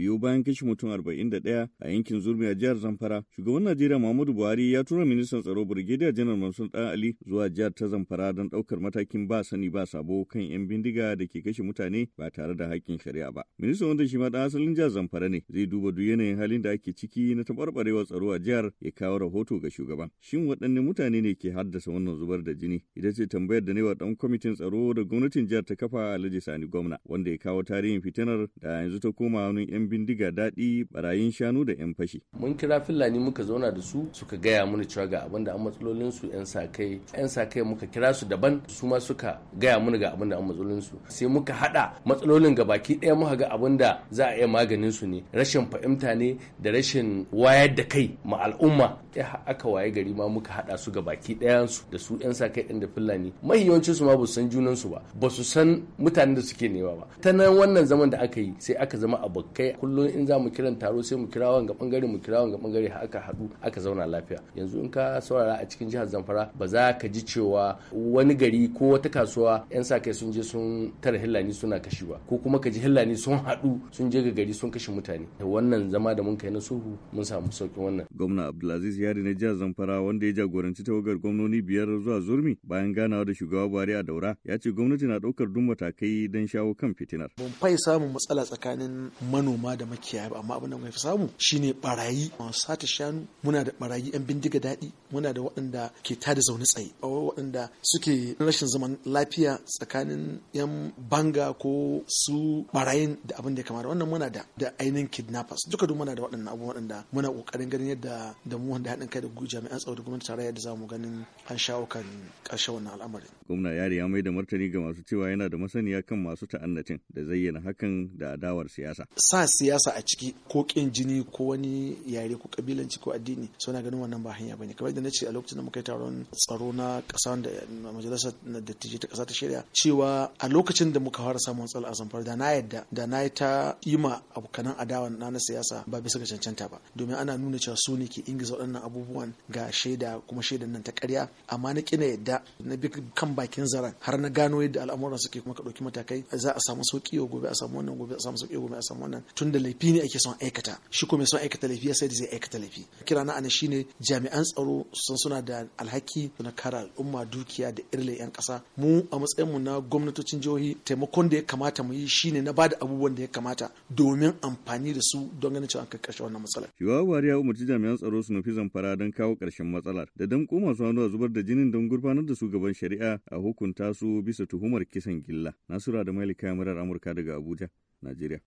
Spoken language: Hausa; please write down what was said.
biyo bayan kashe mutum 41 a yankin Zurmi a jihar Zamfara. Shugaban Najeriya Muhammadu Buhari ya tura ministan tsaro Brigadier General Mansur Dan Ali zuwa jihar ta Zamfara don daukar matakin ba sani ba sabo kan 'yan bindiga da ke kashe mutane ba tare da hakkin shari'a ba. Ministan wanda shi ma dan asalin jihar Zamfara ne zai duba duk yanayin halin da ake ciki na tabarbarewar tsaro a jihar ya kawo rahoto ga shugaban. Shin waɗanne mutane ne ke haddasa wannan zubar da jini? Ita ce tambayar da ne wa ɗan kwamitin tsaro da gwamnatin jihar ta kafa Alhaji Sani Gwamna wanda ya kawo tarihin fitinar da yanzu ta koma hannun 'yan bindiga daɗi barayin shanu da 'yan fashi. Mun kira Fulani muka zauna da su suka gaya mana cewa ga abin da an matsalolin su 'yan sakai 'yan sakai muka kira su daban su ma suka gaya mana ga abin da an matsalolin su sai muka haɗa matsalolin ga baki ɗaya muka ga abin da za a iya maganin su ne rashin fahimta ne da rashin wayar da kai ma al'umma ya aka waye gari ma muka haɗa su ga baki ɗayan su da su 'yan sakai ɗin da Fulani mahiyawancin su ma ba su san junan su ba ba su san mutanen da suke nema ba ta nan wannan zaman da aka yi sai aka zama abokai kullum in za mu kiran taro sai mu kira wanga bangare mu kira wanga bangare aka haɗu aka zauna lafiya yanzu in ka saurara a cikin jihar zamfara ba za ka ji cewa wani gari ko wata kasuwa yan sa kai sun je sun tara hillani suna kashi ba ko kuma ka ji hillani sun haɗu sun je ga gari sun kashe mutane wannan zama da mun kai na suhu mun samu saukin wannan gwamna abdulaziz yari na jihar zamfara wanda ya jagoranci tawagar gwamnoni biyar zuwa zurmi bayan ganawa da shugaba buhari a daura ya ce gwamnati na ɗaukar duk matakai don shawo kan fitinar. mun fai samun matsala tsakanin manoma manoma da makiyaya ba amma abin da muka fi samu shine barayi masu sata shanu muna da barayi yan bindiga daɗi muna da waɗanda ke ta da zaune tsaye waɗanda suke rashin zaman lafiya tsakanin yan banga ko su barayin da abin da ya kamata wannan muna da da ainihin kidnappers duka duk muna da waɗannan abubuwan waɗanda muna ƙoƙarin ganin yadda da mu wanda haɗin kai da jami'an tsaro da gwamnati tarayya da zamu ganin an shawo kan ƙarshen wannan al'amarin. Gwamna Yari ya mai da martani ga masu cewa yana da masaniya kan masu ta'annatin da zayyana hakan da adawar siyasa. sa siyasa a ciki ko kin jini ko wani yare ko kabilanci ko addini suna na ganin wannan ba hanya bane kamar da nace a lokacin da muka yi taron tsaro na kasa da majalisar dattijai ta kasa ta shirya cewa a lokacin da muka fara samun tsalo a zamfara da na yadda da na yi ta ima abokanan adawa na na siyasa ba bisa ga cancanta ba domin ana nuna cewa su ne ke ingiza waɗannan abubuwan ga shaida kuma shaidan nan ta ƙarya amma na kina yadda na bi kan bakin zaren har na gano yadda al'amuran suke kuma ka ɗauki matakai za a samu sauƙi gobe a samu wannan gobe a samu sauƙi gobe a samu wannan tun da laifi ne ake son aikata shi kuma son aikata laifi ya sai da zai aikata laifi kira na ana shine jami'an tsaro sun suna da alhaki na kara al'umma dukiya da irle yan kasa mu a matsayin mu na gwamnatocin jihohi taimakon da ya kamata mu yi shine na bada abubuwan da ya kamata domin amfani da su don ganin cewa an kai karshen wannan matsalar shiwawar ya umarci jami'an tsaro su nufi zamfara don kawo karshen matsalar da damƙo masu hannu a zubar da jinin don gurfanar da su gaban shari'a a hukunta su bisa tuhumar kisan gilla nasura da mailika murar amurka daga abuja najeriya